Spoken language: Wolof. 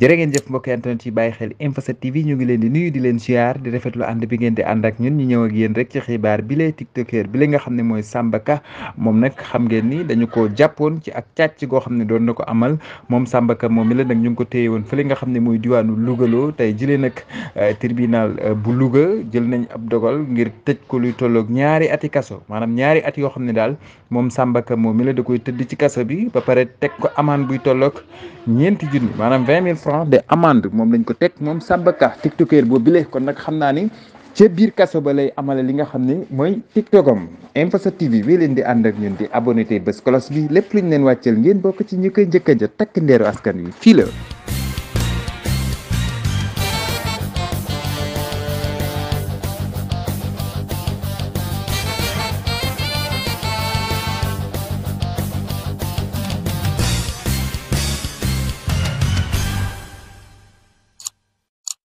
jërë ngeen jëf mbokk internet yi bàyyi xel Info 7 TV ñu ngi leen di nuyu di leen siyaar di rafetlu ànd bi ngeen di ànd ak ñun ñu ñëw ak rek ci xibaar bi lay tiktokeur bi la nga xam ne mooy Samba moom nag xam ngeen ni dañu ko jàppoon ci ak càcc goo xam ne doon na ko amal moom Samba moom mi la nag ñu ngi ko téye woon fële nga xam ne mooy diwaanu Lougaloo tey jëlee nag euh, tribunal euh, bu Louga jël nañ ab dogal ngir tëj ko luy tolloog ñaari ati kaso maanaam ñaari at yoo xam ne daal moom Samba moom mi la da koy tëdd ci kaso bi ba pare teg ko amaan buy tolloog ñeenti junni maanaam francs de amende moom lañ ko teg moom Samba Ka tiktoker boo bile kon nag xam naa ni ca biir kaso ba lay amale li nga xam ni mooy tiktokam Info 7 TV bii leen di ànd ak ñun di abonné tey bés kolos bi lépp luñ leen wàcceel ngeen bokk ci ñi koy njëkk a jot takk ndeeru askan wi fii